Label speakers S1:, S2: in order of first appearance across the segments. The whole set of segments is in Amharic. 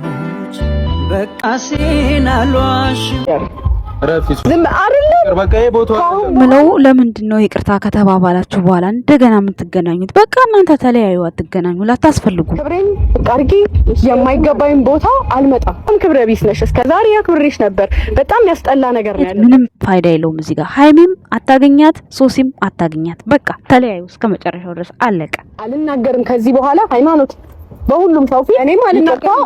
S1: ሞች በቃ ምለው ለምንድን ነው ይቅርታ ከተባባላችሁ በኋላ እንደገና የምትገናኙት? በቃ እናንተ ተለያዩ፣ አትገናኙ፣ ላታስፈልጉ።
S2: ክብሬን ቃርጊ የማይገባኝ ቦታ አልመጣም። ክብረ ቢስ ነሽ። እስከዛሬ ያክብሬሽ ነበር። በጣም ያስጠላ ነገር ነው። ምንም ፋይዳ የለውም። እዚህ ጋር ሀይሚም አታገኛት፣ ሶሲም አታገኛት። በቃ ተለያዩ እስከ መጨረሻው ድረስ አለቀ። አልናገርም ከዚህ በኋላ ሃይማኖት በሁሉም ሰው ፊት እኔ ማለት ነው።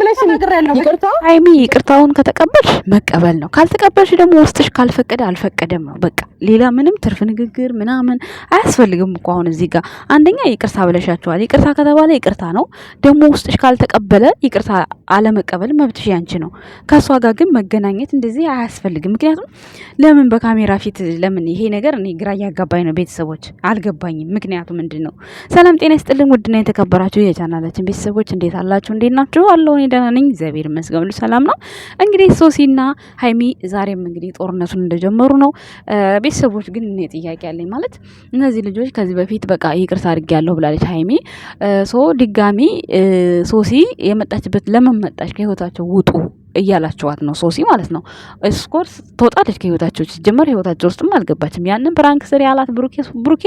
S2: ብለሽ ይቅርታውን ከተቀበልሽ መቀበል ነው። ካልተቀበልሽ ደግሞ ውስጥሽ ካልፈቀደ አልፈቀደም ነው በቃ። ሌላ ምንም ትርፍ ንግግር ምናምን አያስፈልግም እኮ አሁን እዚህ ጋር አንደኛ ይቅርታ ብለሻቸዋል። ይቅርታ ከተባለ ይቅርታ ነው። ደግሞ ውስጥሽ ካልተቀበለ ይቅርታ አለመቀበል መብትሽ ያንቺ ነው። ከእሷ ጋር ግን መገናኘት እንደዚህ አያስፈልግም። ምክንያቱም ለምን በካሜራ ፊት ለምን ይሄ ነገር እኔ ግራ እያጋባኝ ነው። ቤተሰቦች አልገባኝም። ምክንያቱ ምንድን ነው? ሰላም ጤና ይስጥልኝ ውድና የተከበራችሁ የቻናላችን ቤተሰቦች እንዴት አላችሁ? እንዴት ናችሁ? አለው እኔ ደህና ነኝ፣ እግዚአብሔር ይመስገን፣ ሁሉ ሰላም ነው። እንግዲህ ሶሲና ሀይሚ ዛሬም እንግዲህ ጦርነቱን እንደጀመሩ ነው። ቤተሰቦች ግን እኔ ጥያቄ አለኝ። ማለት እነዚህ ልጆች ከዚህ በፊት በቃ ይቅርታ ያለሁ ብላለች ሀይሚ። ሶ ድጋሚ ሶሲ የመጣችበት ለምን መጣች? ከህይወታቸው ውጡ እያላችኋት ነው ሶሲ ማለት ነው። እስኮርስ ተወጣለች ከህይወታቸው ጀመር ህይወታቸው ውስጥም አልገባችም። ያንን ፕራንክ ስሪ ያላት ብሩኬ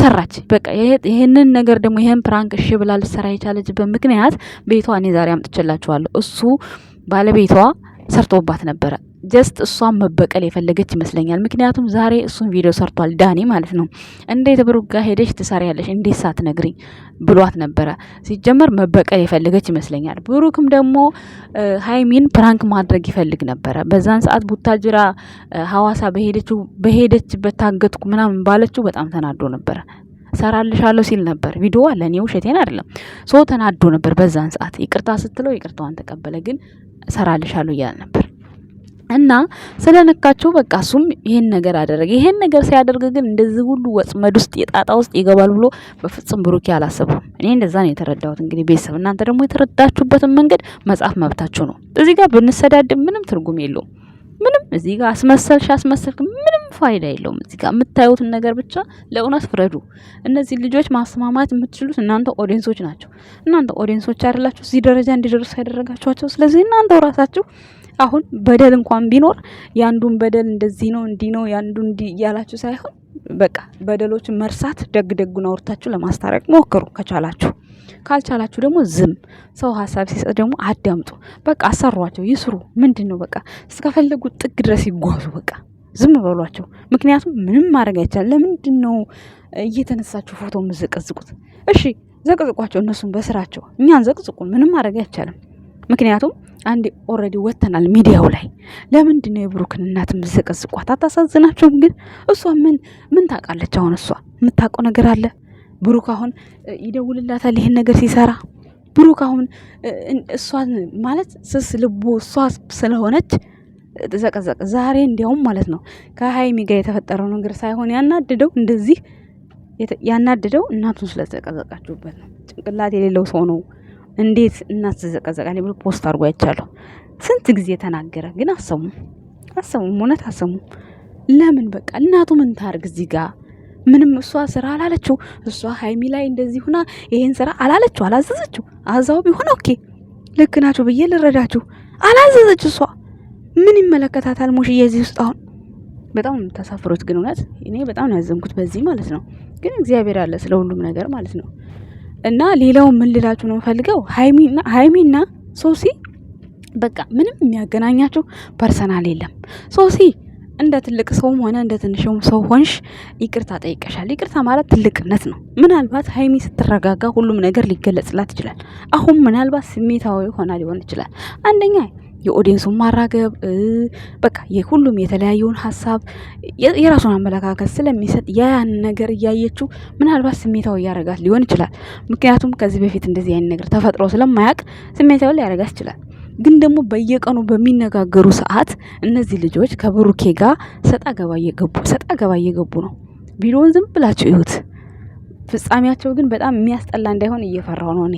S2: ሰራች። በቃ ይህንን ነገር ደግሞ ይህን ፕራንክ እሺ ብላ ልሰራ የቻለችበት ምክንያት ቤቷ እኔ ዛሬ አምጥቼላችኋለሁ። እሱ ባለቤቷ ሰርቶባት ነበረ ጀስት እሷን መበቀል የፈለገች ይመስለኛል። ምክንያቱም ዛሬ እሱን ቪዲዮ ሰርቷል ዳኒ ማለት ነው። እንዴት ብሩክ ጋር ሄደሽ ትሰሪያለሽ እንዴት ሳትነግሪኝ ብሏት ነበረ። ሲጀመር መበቀል የፈለገች ይመስለኛል። ብሩክም ደግሞ ሀይሚን ፕራንክ ማድረግ ይፈልግ ነበረ። በዛን ሰዓት ቡታጅራ ሀዋሳ በሄደችበት ታገትኩ ምናምን ባለችው በጣም ተናዶ ነበረ። ሰራልሻለሁ ሲል ነበር። ቪዲዮ አለ። እኔ ውሸቴን አይደለም። ሶ ተናዶ ነበር በዛን ሰዓት። ይቅርታ ስትለው ይቅርታዋን ተቀበለ፣ ግን ሰራልሻለሁ እያል ነበር እና ስለነካቸው በቃ እሱም ይሄን ነገር አደረገ። ይሄን ነገር ሲያደርግ ግን እንደዚህ ሁሉ ወጥመድ ውስጥ የጣጣ ውስጥ ይገባል ብሎ በፍጹም ብሩኬ አላሰብኩም። እኔ እንደዛ ነው የተረዳሁት። እንግዲህ ቤተሰብ እናንተ ደግሞ የተረዳችሁበትን መንገድ መጻፍ መብታችሁ ነው። እዚህ ጋር ብንሰዳድብ ምንም ትርጉም የለውም። ምንም እዚህ ጋር አስመሰልሽ አስመሰልክ ምንም ፋይዳ የለውም። እዚህ ጋር የምታዩትን ነገር ብቻ ለእውነት ፍረዱ። እነዚህ ልጆች ማስማማት የምትችሉት እናንተ ኦዲንሶች ናቸው። እናንተ ኦዲንሶች አይደላችሁ እዚህ ደረጃ እንዲደርሱ ያደረጋችኋቸው። ስለዚህ እናንተው ራሳችሁ አሁን በደል እንኳን ቢኖር የአንዱን በደል እንደዚህ ነው እንዲህ ነው ያንዱ እንዲህ እያላችሁ ሳይሆን በቃ በደሎችን መርሳት ደግ ደጉን አውርታችሁ ለማስታረቅ ሞክሩ ከቻላችሁ። ካልቻላችሁ ደግሞ ዝም ሰው ሀሳብ ሲሰጥ ደግሞ አዳምጡ። በቃ አሰሯቸው ይስሩ። ምንድን ነው በቃ እስከፈለጉት ጥግ ድረስ ይጓዙ። በቃ ዝም በሏቸው። ምክንያቱም ምንም ማድረግ አይቻል። ለምንድን ነው እየተነሳችሁ ፎቶ ምዝቅዝቁት? እሺ ዘቅዝቋቸው፣ እነሱን በስራቸው እኛን ዘቅዝቁን። ምንም ማድረግ አይቻልም። ምክንያቱም አንድ ኦልሬዲ ወተናል ሚዲያው ላይ። ለምንድን ነው የብሩክን እናት የምትዘቀዝቋት? ግን እሷ ምን ምን ታውቃለች? አሁን እሷ የምታውቀው ነገር አለ? ብሩክ አሁን ይደውልላታል ይሄን ነገር ሲሰራ ብሩክ አሁን እሷን ማለት ስስ ልቡ እሷ ስለሆነች ዘቀዘቀ። ዛሬ እንዲያውም ማለት ነው ከሀይሚ ጋር የተፈጠረው ነገር ሳይሆን ያናድደው እንደዚህ ያናድደው እናቱን ስለዘቀዘቃችሁበት ነው። ጭንቅላት የሌለው ሰው ነው። እንዴት እናት ትዘቀዘቃለች ብሎ ፖስት አድርጎ አይቻለሁ። ስንት ጊዜ ተናገረ፣ ግን አሰሙ አሰሙም፣ እውነት አሰሙም። ለምን በቃ እናቱ ምን ታርግ እዚህ ጋር ምንም እሷ ስራ አላለችው። እሷ ሀይሚ ላይ እንደዚህ ሁና ይሄን ስራ አላለችው፣ አላዘዘችው። አዛው ቢሆን ኦኬ ልክ ናቸው ብዬ ልረዳችሁ። አላዘዘች እሷ ምን ይመለከታታል? ሙሽዬ እዚህ ውስጥ አሁን በጣም የምታሳፍሩት ግን እውነት እኔ በጣም ያዘንኩት በዚህ ማለት ነው። ግን እግዚአብሔር አለ ስለ ሁሉም ነገር ማለት ነው። እና ሌላውን ምን ልላችሁ ነው ፈልገው ሀይሚና ሶሲ በቃ ምንም የሚያገናኛቸው ፐርሰናል የለም። ሶሲ እንደ ትልቅ ሰውም ሆነ እንደ ትንሽውም ሰው ሆንሽ ይቅርታ ጠይቀሻል። ይቅርታ ማለት ትልቅነት ነው። ምናልባት ሀይሚ ስትረጋጋ ሁሉም ነገር ሊገለጽላት ይችላል። አሁን ምናልባት ስሜታዊ ሆና ሊሆን ይችላል። አንደኛ የኦዲየንሱን ማራገብ በቃ የሁሉም የተለያየውን ሀሳብ የራሱን አመለካከት ስለሚሰጥ ያያን ነገር እያየችው ምናልባት ስሜታዊ ያደርጋት ሊሆን ይችላል። ምክንያቱም ከዚህ በፊት እንደዚህ አይነት ነገር ተፈጥሮ ስለማያውቅ ስሜታዊ ሊያደርጋት ይችላል። ግን ደግሞ በየቀኑ በሚነጋገሩ ሰዓት እነዚህ ልጆች ከብሩኬ ጋር ሰጣ ገባ እየገቡ ሰጣ ገባ እየገቡ ነው። ቪዲዮውን ዝም ብላችሁ ይሁት። ፍጻሜያቸው ግን በጣም የሚያስጠላ እንዳይሆን እየፈራው ነው እኔ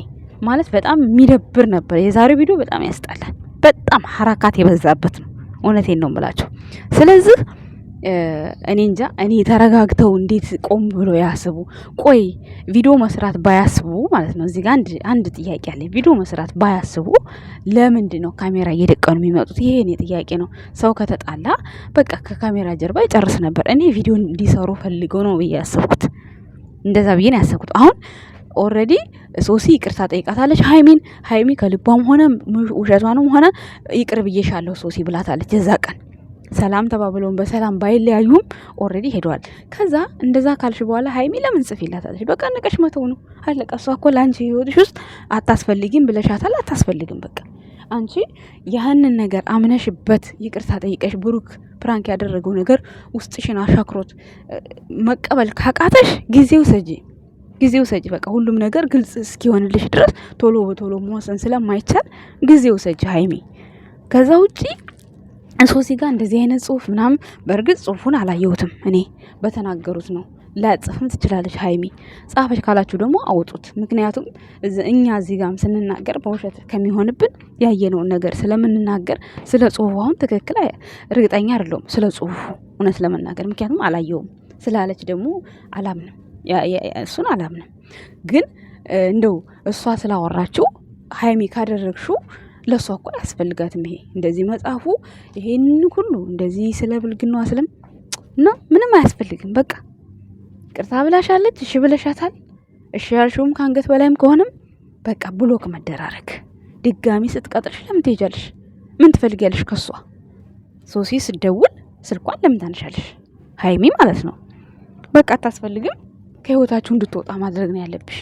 S2: ማለት በጣም የሚደብር ነበር። የዛሬው ቪዲዮ በጣም ያስጠላል። በጣም ሀራካት የበዛበት ነው። እውነቴን ነው የምላቸው። ስለዚህ እኔ እንጃ እኔ ተረጋግተው እንዴት ቆም ብሎ ያስቡ። ቆይ ቪዲዮ መስራት ባያስቡ ማለት ነው። እዚህ ጋር አንድ ጥያቄ አለ። ቪዲዮ መስራት ባያስቡ ለምንድን ነው ካሜራ እየደቀኑ የሚመጡት? ይሄ እኔ ጥያቄ ነው። ሰው ከተጣላ በቃ ከካሜራ ጀርባ ይጨርስ ነበር። እኔ ቪዲዮ እንዲሰሩ ፈልገው ነው ብዬ ያሰብኩት፣ እንደዛ ብዬ ነው ያሰብኩት። አሁን ኦረዲ ሶሲ ይቅርታ ጠይቃታለች ሀይሚን። ሀይሚ ከልቧም ሆነ ውሸቷንም ሆነ ይቅር ብዬሻለሁ ሶሲ ብላታለች። የዛ ቀን ሰላም ተባብለውን በሰላም ባይለያዩም ኦረዲ ሄደዋል። ከዛ እንደዛ ካልሽ በኋላ ሀይሚ ለምን ጽፍ ይላታለች። በቃ ነቀሽ መተው ነው አለቀ። እሷ እኮ ለአንቺ ህይወትሽ ውስጥ አታስፈልጊም ብለሻታል። አታስፈልግም በቃ አንቺ ያህንን ነገር አምነሽበት ይቅርታ ጠይቀሽ ብሩክ ፕራንክ ያደረገው ነገር ውስጥሽን አሻክሮት መቀበል ካቃተሽ ጊዜው ሰጂ ጊዜ ውሰጂ። በቃ ሁሉም ነገር ግልጽ እስኪሆንልሽ ድረስ ቶሎ በቶሎ መወሰን ስለማይቻል ጊዜ ሰጂ ሀይሚ። ከዛ ውጪ ሶሲ ጋር እንደዚህ አይነት ጽሁፍ ምናምን፣ በእርግጥ ጽሁፉን አላየሁትም እኔ በተናገሩት ነው ላጽፍም ትችላለች ሀይሚ። ጻፈች ካላችሁ ደግሞ አውጡት። ምክንያቱም እኛ እዚህ ጋም ስንናገር በውሸት ከሚሆንብን ያየነውን ነገር ስለምንናገር ስለ ጽሁፉ አሁን ትክክል እርግጠኛ አይደለሁም ስለ ጽሁፉ እውነት ለመናገር ምክንያቱም አላየውም ስላለች ደግሞ አላምንም። እሱን አላምንም። ግን እንደው እሷ ስላወራችው ሀይሚ ካደረግሽው ለእሷ እኮ አያስፈልጋትም። ይሄ እንደዚህ መጽሐፉ ይሄን ሁሉ እንደዚህ ስለ ብልግና ስለም እና ምንም አያስፈልግም። በቃ ቅርታ ብላሻለች፣ እሺ ብለሻታል። እሺ ያልሽውም ከአንገት በላይም ከሆነም በቃ ብሎክ መደራረግ። ድጋሚ ስትቀጥርሽ ለምን ትሄጃለሽ? ምን ትፈልጊያለሽ ከሷ? ሶሲ ስደውል ስልኳን ለምን ታነሻለሽ? ሀይሚ ማለት ነው። በቃ አታስፈልግም። ከህይወታችሁ እንድትወጣ ማድረግ ነው ያለብሽ።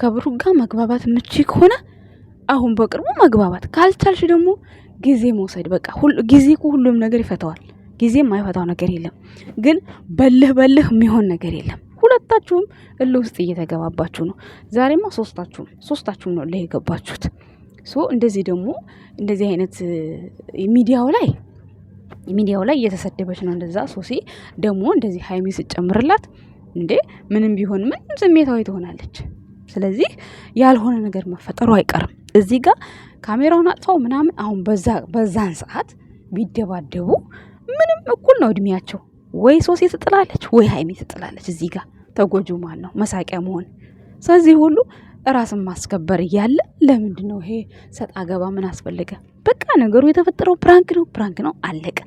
S2: ከብሩክ ጋር መግባባት ምች ከሆነ አሁን በቅርቡ መግባባት፣ ካልቻልሽ ደግሞ ጊዜ መውሰድ። በቃ ጊዜ ሁሉም ነገር ይፈታዋል። ጊዜ የማይፈታው ነገር የለም። ግን በልህ በልህ የሚሆን ነገር የለም። ሁለታችሁም እልህ ውስጥ እየተገባባችሁ ነው። ዛሬማ ሶስታችሁም ሶስታችሁም ነው እልህ የገባችሁት። ሶ እንደዚህ ደግሞ እንደዚህ አይነት ሚዲያው ላይ ሚዲያው ላይ እየተሰደበች ነው እንደዛ ሶሴ ደግሞ እንደዚህ ሀይሚ ስጨምርላት እንዴ ምንም ቢሆን ምንም ስሜታዊ ትሆናለች። ስለዚህ ያልሆነ ነገር መፈጠሩ አይቀርም። እዚህ ጋር ካሜራውን አጥፋው ምናምን አሁን በዛን ሰዓት ቢደባደቡ ምንም እኩል ነው እድሜያቸው። ወይ ሶሴ ትጥላለች፣ ወይ ሀይሜ ትጥላለች። እዚህ ጋር ተጎጂው ማን ነው? መሳቂያ መሆን ስለዚህ ሁሉ ራስን ማስከበር እያለ ለምንድን ነው ይሄ ሰጥ አገባ ምን አስፈልገ? በቃ ነገሩ የተፈጠረው ፕራንክ ነው፣ ፕራንክ ነው፣ አለቀ።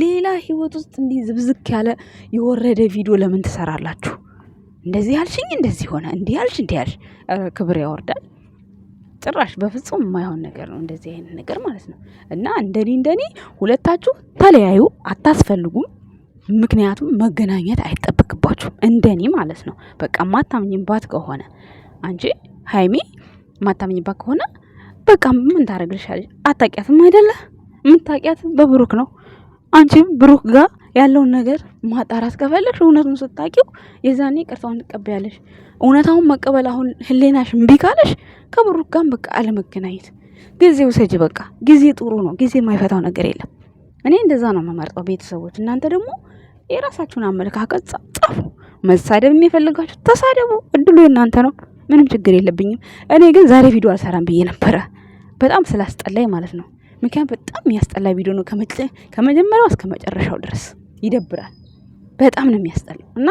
S2: ሌላ ህይወት ውስጥ እንዲህ ዝብዝክ ያለ የወረደ ቪዲዮ ለምን ትሰራላችሁ? እንደዚህ ያልሽኝ፣ እንደዚህ ሆነ፣ እንዲህ ያልሽ፣ እንዲህ ያልሽ፣ ክብር ያወርዳል። ጭራሽ በፍጹም የማይሆን ነገር ነው እንደዚህ አይነት ነገር ማለት ነው። እና እንደኔ እንደኔ ሁለታችሁ ተለያዩ፣ አታስፈልጉም። ምክንያቱም መገናኘት አይጠበቅባችሁም እንደኔ ማለት ነው። በቃ ማታምኝባት ከሆነ አንቺ ሀይሚ ማታምኝባት ከሆነ በቃ ምን ታደርግልሻለች? አታውቂያትም አይደለ? የምታውቂያት በብሩክ ነው። አንቺም ብሩክ ጋር ያለውን ነገር ማጣራት ከፈለግሽ እውነቱን ስታቂው የዛኔ ቅርታውን ትቀበያለሽ። እውነታውን መቀበል አሁን ህሌናሽ እምቢ ካለሽ ከብሩክ ጋር በቃ አለመገናኘት፣ ጊዜ ውሰጂ። በቃ ጊዜ ጥሩ ነው። ጊዜ የማይፈታው ነገር የለም። እኔ እንደዛ ነው የምመርጠው። ቤተሰቦች እናንተ ደግሞ የራሳችሁን አመለካከት ጻፉ። መሳደብ የሚፈልጋችሁ ተሳደቡ፣ እድሉ የእናንተ ነው። ምንም ችግር የለብኝም። እኔ ግን ዛሬ ቪዲዮ አልሰራም ብዬ ነበረ በጣም ስላስጠላኝ ማለት ነው። ምክንያት በጣም የሚያስጠላ ቪዲዮ ነው ከመጀመሪያው እስከ መጨረሻው ድረስ ይደብራል። በጣም ነው የሚያስጠላው እና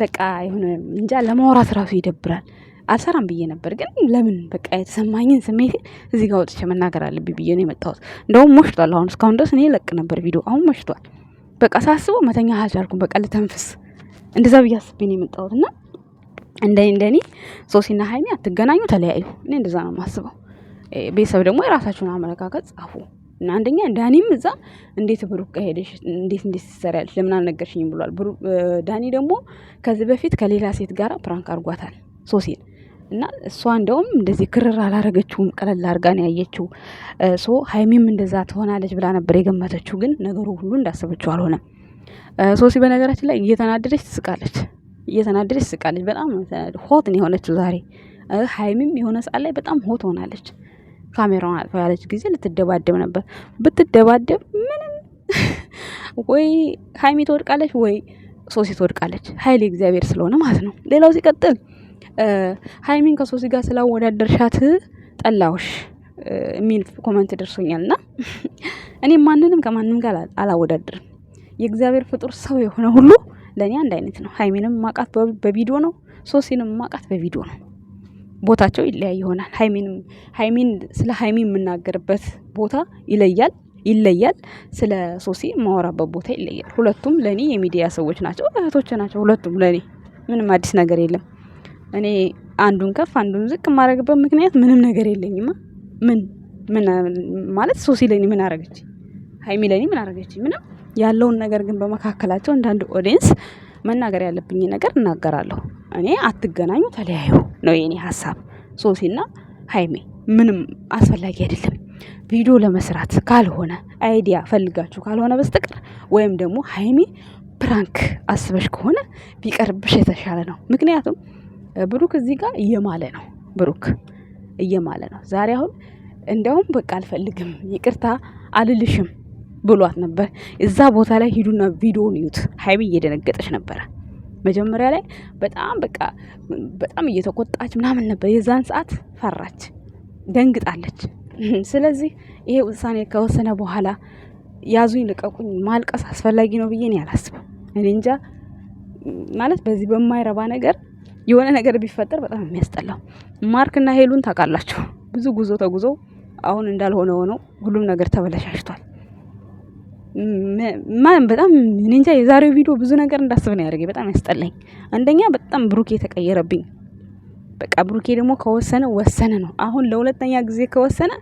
S2: በቃ የሆነ እንጃ ለማውራት ራሱ ይደብራል። አልሰራም ብዬ ነበር፣ ግን ለምን በቃ የተሰማኝን ስሜት እዚህ ጋር ወጥቼ መናገር አለብኝ ብዬ ነው የመጣሁት። እንደውም ሞሽቷል። አሁን እስካሁን ድረስ እኔ ለቅ ነበር ቪዲዮ፣ አሁን ሞሽቷል። በቃ ሳስበው መተኛ አልቻልኩም። በቃ ልተንፍስ እንደዛ ብዬ አስቤ ነው የመጣሁት እና እንደኔ እንደኔ ሶሲና ሀይሚ አትገናኙ፣ ተለያዩ። እኔ እንደዛ ነው የማስበው። ቤተሰብ ደግሞ የራሳችሁን አመለካከት ጻፉ እና አንደኛ ዳኒም እዛ እንዴት ብሩክ ከሄደሽ እንዴት እንዴት ትሰሪያለሽ ለምን አልነገርሽኝም ብሏል። ዳኒ ደግሞ ከዚህ በፊት ከሌላ ሴት ጋር ፕራንክ አርጓታል ሶሲን እና እሷ እንደውም እንደዚህ ክርር አላረገችውም፣ ቀለል አርጋ ነው ያየችው። ሶ ሀይሚም እንደዛ ትሆናለች ብላ ነበር የገመተችው፣ ግን ነገሩ ሁሉ እንዳሰበችው አልሆነም። ሶሲ በነገራችን ላይ እየተናደደች ትስቃለች። እየተናደደች ስቃለች። በጣም ሆት ነው የሆነችው ዛሬ። ሀይሚም የሆነ ሰዓት ላይ በጣም ሆት ሆናለች። ካሜራውን አጥፋ ያለች ጊዜ ልትደባደብ ነበር። ብትደባደብ ምንም ወይ ሀይሚ ትወድቃለች ወይ ሶሲ ትወድቃለች። ሀይል እግዚአብሔር ስለሆነ ማለት ነው። ሌላው ሲቀጥል ሀይሚን ከሶሲ ጋር ስላወዳደርሻት ጠላውሽ የሚል ኮመንት ደርሶኛል። እና እኔ ማንንም ከማንም ጋር አላወዳድርም። የእግዚአብሔር ፍጡር ሰው የሆነ ሁሉ ለእኔ አንድ አይነት ነው። ሃይሜንም ማቃት በቪዲዮ ነው፣ ሶሲንም ማቃት በቪዲዮ ነው። ቦታቸው ይለያይ ይሆናል። ሃይሜንም ሃይሜን ስለ ሀይሚ የምናገርበት ቦታ ይለያል ይለያል ስለ ሶሲ ማወራበት ቦታ ይለያል። ሁለቱም ለእኔ የሚዲያ ሰዎች ናቸው፣ እህቶች ናቸው። ሁለቱም ለእኔ ምንም አዲስ ነገር የለም። እኔ አንዱን ከፍ አንዱን ዝቅ የማደርግበት ምክንያት ምንም ነገር የለኝማ። ምን ምን ማለት ሶሲ ለእኔ ምን አረገች? ሀይሚ ለእኔ ምን አረገች? ምንም ያለውን ነገር ግን በመካከላቸው እንዳንድ ኦዲንስ ኦዲየንስ መናገር ያለብኝ ነገር እናገራለሁ። እኔ አትገናኙ ተለያዩ ነው የኔ ሀሳብ። ሶሲና ሀይሜ ምንም አስፈላጊ አይደለም። ቪዲዮ ለመስራት ካልሆነ አይዲያ ፈልጋችሁ ካልሆነ በስተቀር ወይም ደግሞ ሀይሜ ፕራንክ አስበሽ ከሆነ ቢቀርብሽ የተሻለ ነው። ምክንያቱም ብሩክ እዚህ ጋር እየማለ ነው። ብሩክ እየማለ ነው ዛሬ አሁን እንደውም በቃ አልፈልግም፣ ይቅርታ አልልሽም ብሏት ነበር። እዛ ቦታ ላይ ሂዱና ቪዲዮን እዩት። ሀይሚ እየደነገጠች ነበረ መጀመሪያ ላይ በጣም በቃ በጣም እየተቆጣች ምናምን ነበር። የዛን ሰዓት ፈራች፣ ደንግጣለች። ስለዚህ ይሄ ውሳኔ ከወሰነ በኋላ ያዙኝ ልቀቁኝ ማልቀስ አስፈላጊ ነው ብዬ ያላስበው እኔ እንጃ ማለት በዚህ በማይረባ ነገር የሆነ ነገር ቢፈጠር በጣም የሚያስጠላው። ማርክና ሄሉን ታውቃላችሁ፣ ብዙ ጉዞ ተጉዞ አሁን እንዳልሆነ ሆነው ሁሉም ነገር ተበለሻሽቷል። ማን በጣም እንጃ። የዛሬው ቪዲዮ ብዙ ነገር እንዳስብ ነው ያደርገኝ። በጣም ያስጠላኝ፣ አንደኛ በጣም ብሩኬ ተቀየረብኝ። በቃ ብሩኬ ደግሞ ከወሰነ ወሰነ ነው። አሁን ለሁለተኛ ጊዜ ከወሰነ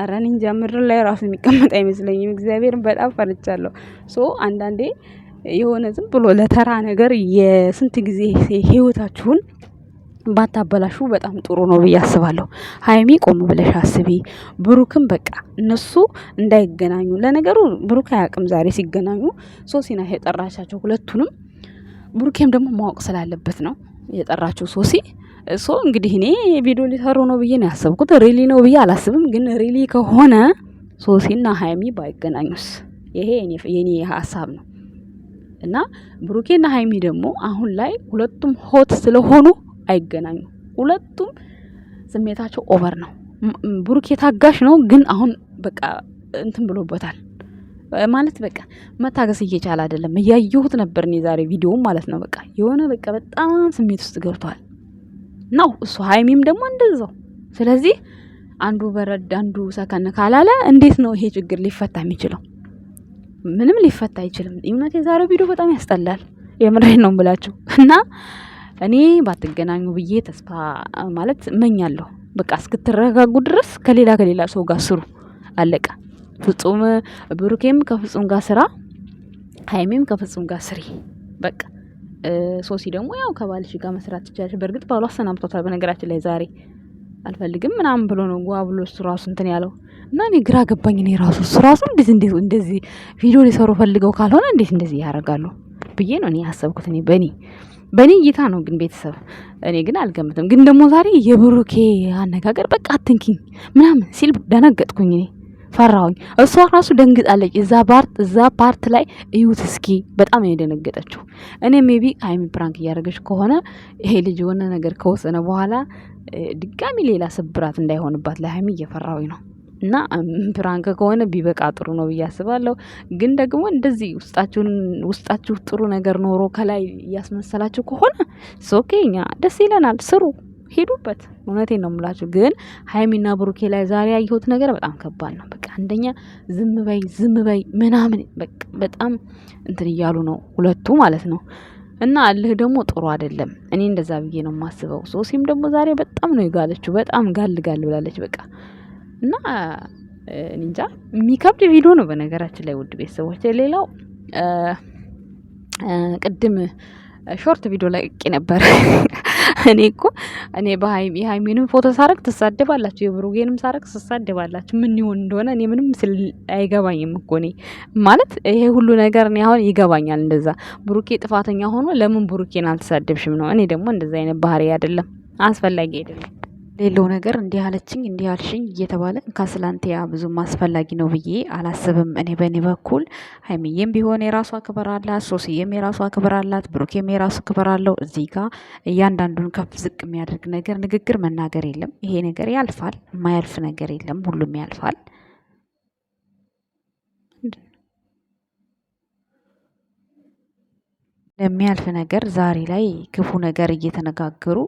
S2: ኧረ እኔ እንጃ ምድር ላይ ራሱ የሚቀመጥ አይመስለኝም። እግዚአብሔርን በጣም ፈርቻለሁ። ሶ አንዳንዴ የሆነ ዝም ብሎ ለተራ ነገር የስንት ጊዜ ህይወታችሁን ባታበላሹ በጣም ጥሩ ነው ብዬ አስባለሁ። ሀይሚ ቆም ብለሽ አስቢ። ብሩክም በቃ እነሱ እንዳይገናኙ ለነገሩ ብሩክ አያውቅም ዛሬ ሲገናኙ ሶሲና የጠራቻቸው ሁለቱንም ብሩኬም ደግሞ ማወቅ ስላለበት ነው የጠራችው ሶሲ እሶ እንግዲህ እኔ ቪዲዮ ሊሰሩ ነው ብዬ ነው ያሰብኩት። ሪሊ ነው ብዬ አላስብም፣ ግን ሪሊ ከሆነ ሶሲና ሀይሚ ባይገናኙስ? ይሄ የኔ ሀሳብ ነው እና ብሩኬና ሀይሚ ደግሞ አሁን ላይ ሁለቱም ሆት ስለሆኑ አይገናኙም። ሁለቱም ስሜታቸው ኦቨር ነው። ብሩክ የታጋሽ ነው፣ ግን አሁን በቃ እንትን ብሎበታል ማለት በቃ መታገስ እየቻለ አይደለም። እያየሁት ነበር እኔ ዛሬ ቪዲዮውም ማለት ነው። በቃ የሆነ በቃ በጣም ስሜት ውስጥ ገብቷል ነው እሱ። ሀይሚም ደግሞ እንደዛው። ስለዚህ አንዱ በረድ አንዱ ሰከን ካላለ እንዴት ነው ይሄ ችግር ሊፈታ የሚችለው? ምንም ሊፈታ አይችልም። እውነት የዛሬው ቪዲዮ በጣም ያስጠላል። የምሬን ነው ብላችሁ እና እኔ ባትገናኙ ብዬ ተስፋ ማለት እመኛለሁ። በቃ እስክትረጋጉ ድረስ ከሌላ ከሌላ ሰው ጋር ስሩ። አለቀ። ፍጹም ብሩኬም ከፍጹም ጋር ስራ፣ ሀይሜም ከፍጹም ጋር ስሪ። በቃ ሶሲ ደግሞ ያው ከባልሽ ጋር መስራት ትችላለሽ። በእርግጥ ባሉ አሰናብቷታል። በነገራችን ላይ ዛሬ አልፈልግም ምናምን ብሎ ነው ጓ ብሎ እሱ ራሱ እንትን ያለው እና እኔ ግራ ገባኝ። እኔ ራሱ እሱ ራሱ እንዴት እንዴት እንደዚህ ቪዲዮ ሊሰሩ ፈልገው ካልሆነ እንዴት እንደዚህ ያደርጋሉ ብዬ ነው እኔ ያሰብኩት እኔ በእኔ በእኔ እይታ ነው ግን ቤተሰብ እኔ ግን አልገምትም። ግን ደግሞ ዛሬ የብሩኬ አነጋገር በቃ አትንኪኝ ምናምን ሲል ደነገጥኩኝ፣ እኔ ፈራሁኝ። እሷ ራሱ ደንግጣለች። እዛ ፓርት እዛ ፓርት ላይ እዩት እስኪ በጣም ነው የደነገጠችው። እኔ ሜቢ ሀይሚ ፕራንክ እያደረገች ከሆነ ይሄ ልጅ የሆነ ነገር ከወሰነ በኋላ ድጋሚ ሌላ ስብራት እንዳይሆንባት ለሀይሚ እየፈራሁኝ ነው። እና ፕራንክ ከሆነ ቢበቃ ጥሩ ነው ብዬ አስባለሁ። ግን ደግሞ እንደዚህ ውስጣችሁን ውስጣችሁ ጥሩ ነገር ኖሮ ከላይ እያስመሰላችሁ ከሆነ ሶኬ እኛ ደስ ይለናል። ስሩ፣ ሄዱበት። እውነቴን ነው የምላችሁ። ግን ሀይሚና ብሩኬ ላይ ዛሬ ያየሁት ነገር በጣም ከባድ ነው። በቃ አንደኛ ዝም በይ ዝም በይ ምናምን በቃ በጣም እንትን እያሉ ነው ሁለቱ ማለት ነው። እና አልህ ደግሞ ጥሩ አይደለም። እኔ እንደዛ ብዬ ነው የማስበው። ሶሲም ደግሞ ዛሬ በጣም ነው የጋለችው። በጣም ጋል ጋል ብላለች በቃ እና እንጃ የሚከብድ ቪዲዮ ነው በነገራችን ላይ ውድ ቤተሰቦች። ሌላው ቅድም ሾርት ቪዲዮ ላይ ነበር። እኔ እኮ እኔ የሀይሜንም ፎቶ ሳረግ ትሳደባላችሁ፣ የብሩጌንም ሳረግ ትሳደባላችሁ። ምን ይሆን እንደሆነ እኔ ምንም ስል አይገባኝም እኮ እኔ ማለት ይሄ ሁሉ ነገር እኔ አሁን ይገባኛል። እንደዛ ብሩኬ ጥፋተኛ ሆኖ ለምን ብሩኬን አልተሳደብሽም ነው። እኔ ደግሞ እንደዛ አይነት ባህሪ አይደለም፣ አስፈላጊ አይደለም። ሌለው ነገር እንዲህ አለችኝ እንዲህ አልሽኝ እየተባለ እንካ ስላንትያ ብዙም አስፈላጊ ነው ብዬ አላስብም። እኔ በእኔ በኩል ሀይሚዬም ቢሆን የራሷ ክብር አላት፣ ሶስዬም የራሷ ክብር አላት፣ ብሩኬም የራሱ ክብር አለው። እዚህ ጋ እያንዳንዱን ከፍ ዝቅ የሚያደርግ ነገር ንግግር መናገር የለም። ይሄ ነገር ያልፋል። የማያልፍ ነገር የለም። ሁሉም ያልፋል። ለሚያልፍ ነገር ዛሬ ላይ ክፉ ነገር እየተነጋገሩ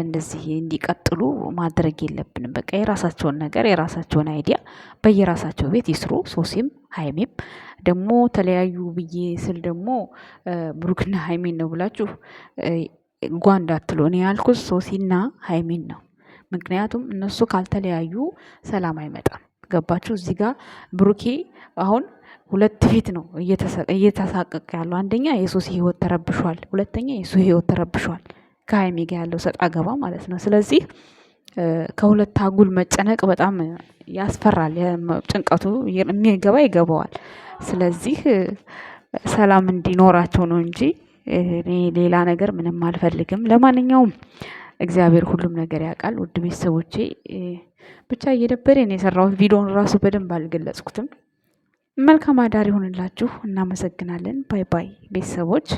S2: እንደዚህ እንዲቀጥሉ ማድረግ የለብንም። በቃ የራሳቸውን ነገር የራሳቸውን አይዲያ በየራሳቸው ቤት ይስሩ። ሶሲም ሀይሜም ደግሞ ተለያዩ ብዬ ስል ደግሞ ብሩክና ሀይሜን ነው ብላችሁ ጓ እንዳትሉ። እኔ ያልኩት ሶሲና ሀይሜን ነው። ምክንያቱም እነሱ ካልተለያዩ ሰላም አይመጣም። ገባችሁ? እዚህ ጋር ብሩኬ አሁን ሁለት ፊት ነው እየተሳቀቅ ያለው። አንደኛ የሶሲ ህይወት ተረብሿል፣ ሁለተኛ የሱ ህይወት ተረብሿል። ከሀይሚ ጋ ያለው ሰጥ አገባ ማለት ነው። ስለዚህ ከሁለት አጉል መጨነቅ በጣም ያስፈራል። ጭንቀቱ የሚገባ ይገባዋል። ስለዚህ ሰላም እንዲኖራቸው ነው እንጂ እኔ ሌላ ነገር ምንም አልፈልግም። ለማንኛውም እግዚአብሔር ሁሉም ነገር ያውቃል። ውድ ቤተሰቦቼ ብቻ እየደበረኝ ነው የሰራሁት። ቪዲዮን ራሱ በደንብ አልገለጽኩትም። መልካም አዳር ይሆንላችሁ። እናመሰግናለን። ባይ ባይ ቤተሰቦች።